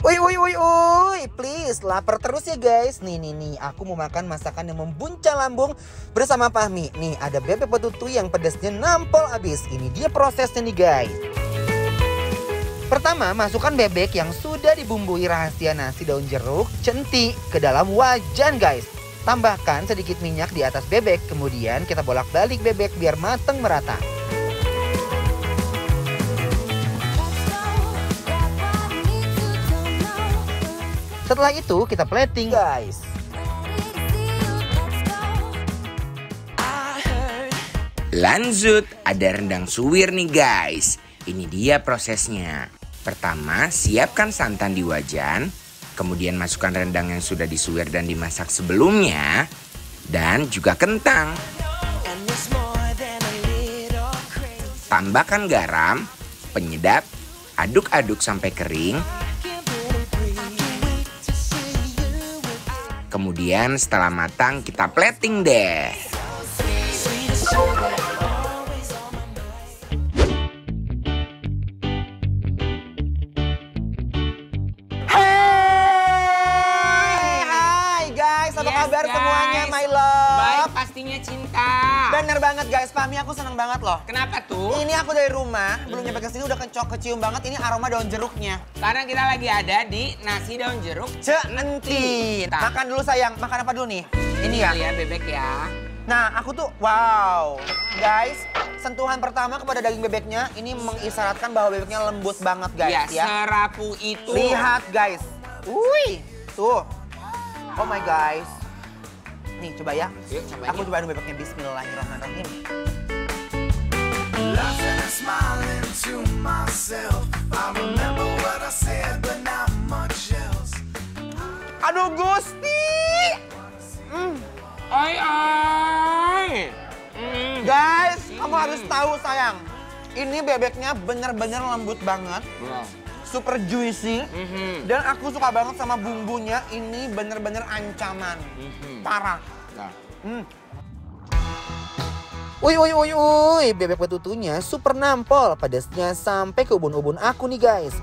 Woi woi woi woi, please lapar terus ya guys. Nih nih nih, aku mau makan masakan yang membuncah lambung bersama pahmi. Nih ada bebek petutu yang pedasnya nampol abis. Ini dia prosesnya nih guys. Pertama, masukkan bebek yang sudah dibumbui rahasia nasi daun jeruk, centi ke dalam wajan guys. Tambahkan sedikit minyak di atas bebek, kemudian kita bolak-balik bebek biar mateng merata. Setelah itu kita plating guys. Lanjut, ada rendang suwir nih guys. Ini dia prosesnya. Pertama, siapkan santan di wajan. Kemudian masukkan rendang yang sudah disuwir dan dimasak sebelumnya. Dan juga kentang. Tambahkan garam, penyedap, aduk-aduk sampai kering. Kemudian setelah matang kita plating deh. Hey, hi guys, apa yes, kabar guys. semuanya, my love? pastinya cinta. Bener banget guys, Pami aku seneng banget loh. Kenapa tuh? Ini aku dari rumah, belum nyampe ke sini udah kencok kecium banget ini aroma daun jeruknya. Karena kita lagi ada di nasi daun jeruk Ceenti. Nah. Makan dulu sayang, makan apa dulu nih? Ini ya. Iya bebek ya. Nah aku tuh wow. Guys, sentuhan pertama kepada daging bebeknya ini mengisyaratkan bahwa bebeknya lembut banget guys ya. ya. Serapu itu. Lihat guys. Wih, tuh. Oh my guys. Nih, coba ya. Yuk, coba ya. coba dulu bebeknya Bismillahirrahmanirrahim. Aduh, Gusti! Mm. Ai, mm. Guys, kamu mm. harus tahu, sayang. Ini bebeknya bener-bener lembut banget super juicy mm -hmm. dan aku suka banget sama bumbunya ini bener-bener ancaman mm -hmm. parah nah. mm. Uy, uy, uy, uy, bebek petutunya super nampol, pedasnya sampai ke ubun-ubun aku nih guys.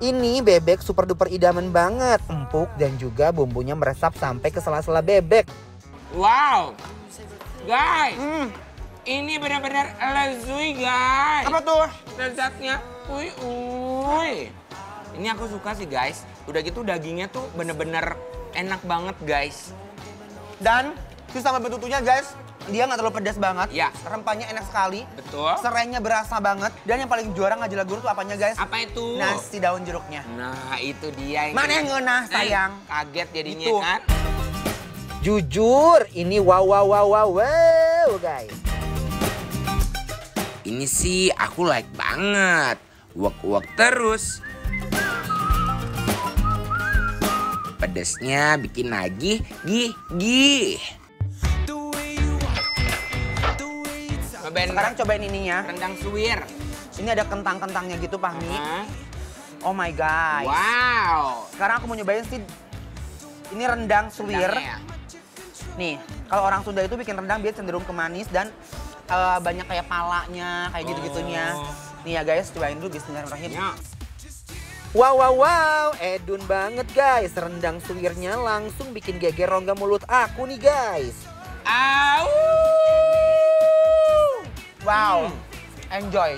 Ini bebek super duper idaman banget, empuk dan juga bumbunya meresap sampai ke sela-sela bebek. Wow, guys, mm. Ini benar-benar lezui guys. Apa tuh? Lezatnya, uy uy. Ini aku suka sih guys. Udah gitu dagingnya tuh benar-benar enak banget guys. Dan terus sama betutunya guys, dia nggak terlalu pedas banget. Ya. Rempahnya enak sekali. Betul. Serainya berasa banget. Dan yang paling juara nggak jelas guru tuh apanya guys? Apa itu? Nasi daun jeruknya. Nah itu dia. Yang Mana yang ngena eh, sayang? Eh, kaget jadinya itu. kan. Jujur, ini wow wow wow wow wow guys ini sih aku like banget. Wok-wok terus. Pedesnya bikin nagih, gih, gih. Cobain Sekarang cobain ininya. Rendang suwir. Ini ada kentang-kentangnya gitu, Pahmi. Uh -huh. Oh my god. Wow. Sekarang aku mau nyobain sih ini rendang suwir. ya? Nih, kalau orang Sunda itu bikin rendang dia cenderung ke manis dan uh, banyak kayak palanya, kayak oh. gitu-gitunya. Nih ya guys, cobain dulu bismillahirrahmanirrahim. Ya. Wow, wow, wow, edun banget guys. Rendang suwirnya langsung bikin geger rongga mulut aku nih guys. Au! Wow, hmm. enjoy.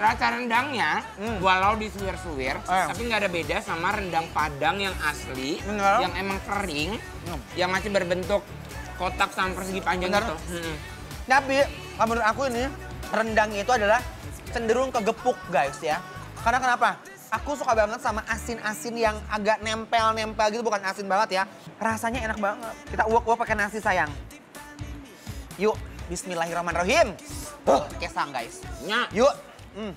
Rasa rendangnya, hmm. walau di suwir-suwir, eh. Oh, ya. tapi nggak ada beda sama rendang padang yang asli, Bener. yang emang kering, hmm. yang masih berbentuk kotak sama persegi panjang Bener. gitu. Hmm. Tapi kalau menurut aku ini rendang itu adalah cenderung kegepuk guys ya. Karena kenapa? Aku suka banget sama asin-asin yang agak nempel-nempel gitu, bukan asin banget ya. Rasanya enak banget. Kita uak-uak pakai nasi sayang. Yuk, bismillahirrahmanirrahim. Huh, kesang guys. Yuk. Hmm.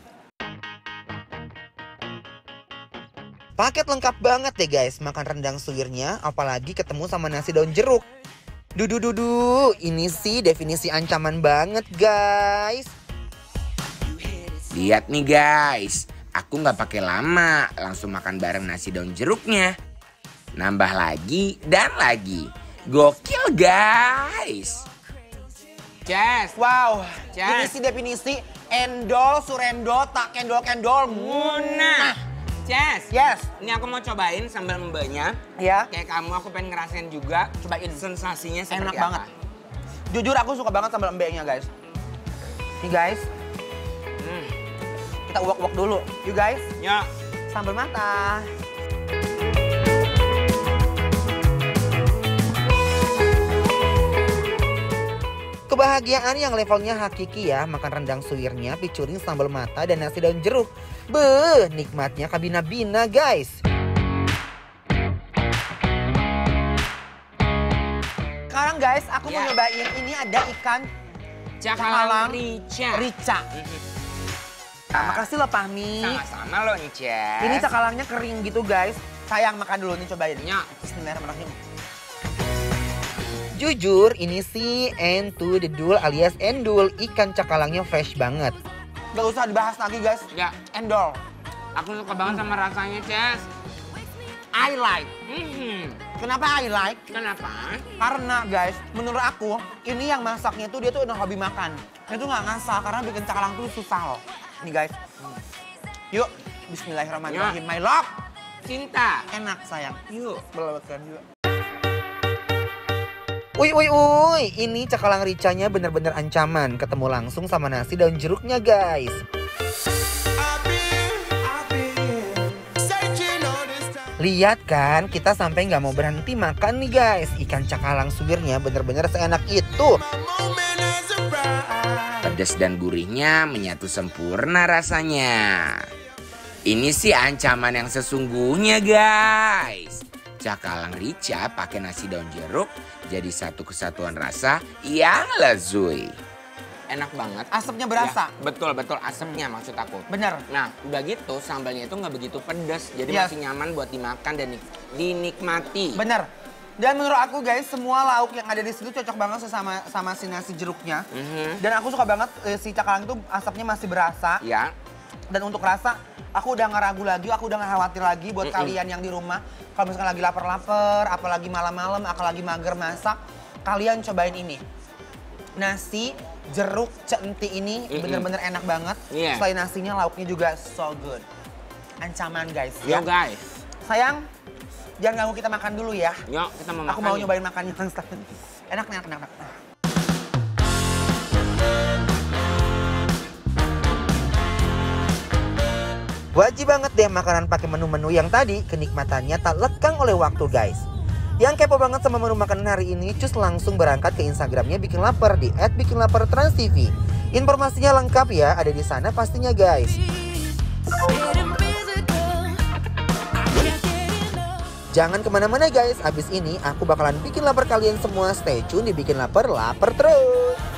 Paket lengkap banget deh guys, makan rendang suwirnya, apalagi ketemu sama nasi daun jeruk. Dudu dudu, ini sih definisi ancaman banget guys. Lihat nih guys, aku nggak pakai lama, langsung makan bareng nasi daun jeruknya. Nambah lagi dan lagi, gokil guys. Yes. Wow, yes. ini sih definisi endol surendol tak endol endol munah. Nah, Yes, Yes. Ini aku mau cobain sambal mbaknya. Iya. Kayak kamu aku pengen ngerasain juga. Cobain sensasinya Enak apa. banget. Jujur aku suka banget sambal mbaknya guys. Nih guys. Hmm. Kita uak-uak dulu. You guys. Ya. Sambal mata. Kebahagiaan yang levelnya hakiki ya, makan rendang suwirnya, picuring sambal mata, dan nasi daun jeruk. Beuh, nikmatnya kabina-bina guys. Sekarang guys, aku ya. mau nyobain ini ada ikan cakalang rica. rica. Nah, iya. makasih loh Pahmi. Sama-sama loh nih Ini cakalangnya kering gitu guys. Sayang makan dulu nih cobain. Ya. Bismillahirrahmanirrahim. Jujur, ini si the duel alias Endul ikan cakalangnya fresh banget. Gak usah dibahas lagi guys. Ya. Endol. Aku suka banget sama rasanya, Ces. I like. Hmm. Kenapa I like? Kenapa? Karena guys, menurut aku ini yang masaknya tuh dia tuh udah hobi makan. Dia tuh nggak ngasal karena bikin cakalang tuh susah loh. Nih guys. Hmm. Yuk, Bismillahirrahmanirrahim. Ya. My love. Cinta. Enak sayang. Yuk, Belakang juga Uy uy uy, ini cakalang ricanya benar-benar ancaman ketemu langsung sama nasi daun jeruknya guys. Lihat kan, kita sampai nggak mau berhenti makan nih guys. Ikan cakalang suwirnya benar-benar seenak itu. Pedas dan gurihnya menyatu sempurna rasanya. Ini sih ancaman yang sesungguhnya guys cakalang rica pakai nasi daun jeruk jadi satu kesatuan rasa yang lezui. Enak banget. Asapnya berasa. Ya, betul betul asapnya maksud aku. Bener. Nah udah gitu sambalnya itu nggak begitu pedas jadi yes. masih nyaman buat dimakan dan dinikmati. Bener. Dan menurut aku guys semua lauk yang ada di situ cocok banget sama sama si nasi jeruknya. Mm -hmm. Dan aku suka banget eh, si cakalang itu asapnya masih berasa. Ya. Dan untuk rasa aku udah nggak ragu lagi, aku udah nggak khawatir lagi buat mm -mm. kalian yang di rumah. Kalau misalkan lagi lapar-lapar, apalagi malam-malam, apalagi mager masak, kalian cobain ini. Nasi jeruk centi ini bener-bener enak banget. Yeah. Selain nasinya, lauknya juga so good. Ancaman guys. Yo ya. guys. Sayang, jangan ganggu kita makan dulu ya. Yo, kita mau makan. Aku mau nyobain makannya. Enak, enak, enak. enak. Wajib banget deh makanan pakai menu-menu yang tadi, kenikmatannya tak lekang oleh waktu guys. Yang kepo banget sama menu makanan hari ini, cus langsung berangkat ke Instagramnya Bikin Lapar di @bikinlapartransTV. Informasinya lengkap ya, ada di sana pastinya guys. Jangan kemana-mana guys, abis ini aku bakalan bikin lapar kalian semua. Stay tune di Bikin Lapar, lapar terus!